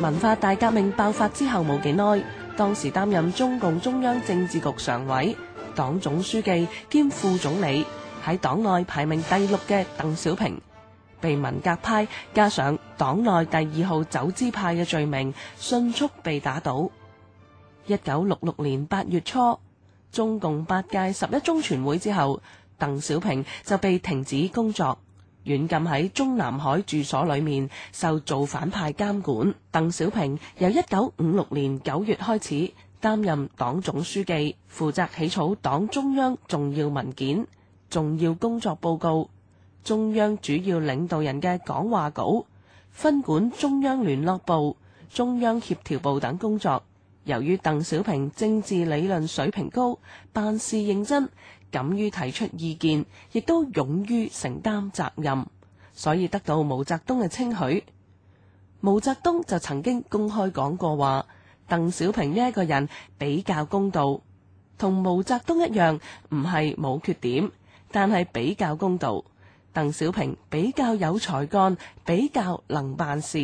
文化大革命爆發之後冇幾耐，當時擔任中共中央政治局常委、黨總書記兼副總理，喺黨內排名第六嘅鄧小平，被文革派加上黨內第二號走資派嘅罪名，迅速被打倒。一九六六年八月初，中共八屆十一中全會之後，鄧小平就被停止工作。軟禁喺中南海住所裏面，受造反派監管。鄧小平由一九五六年九月開始擔任黨總書記，負責起草黨中央重要文件，重要工作報告，中央主要領導人嘅講話稿，分管中央聯絡部，中央協調部等工作。由於鄧小平政治理論水平高，辦事認真，敢於提出意見，亦都勇於承擔責任，所以得到毛澤東嘅稱許。毛澤東就曾經公開講過話，鄧小平呢一個人比較公道，同毛澤東一樣，唔係冇缺點，但係比較公道。鄧小平比較有才幹，比較能辦事。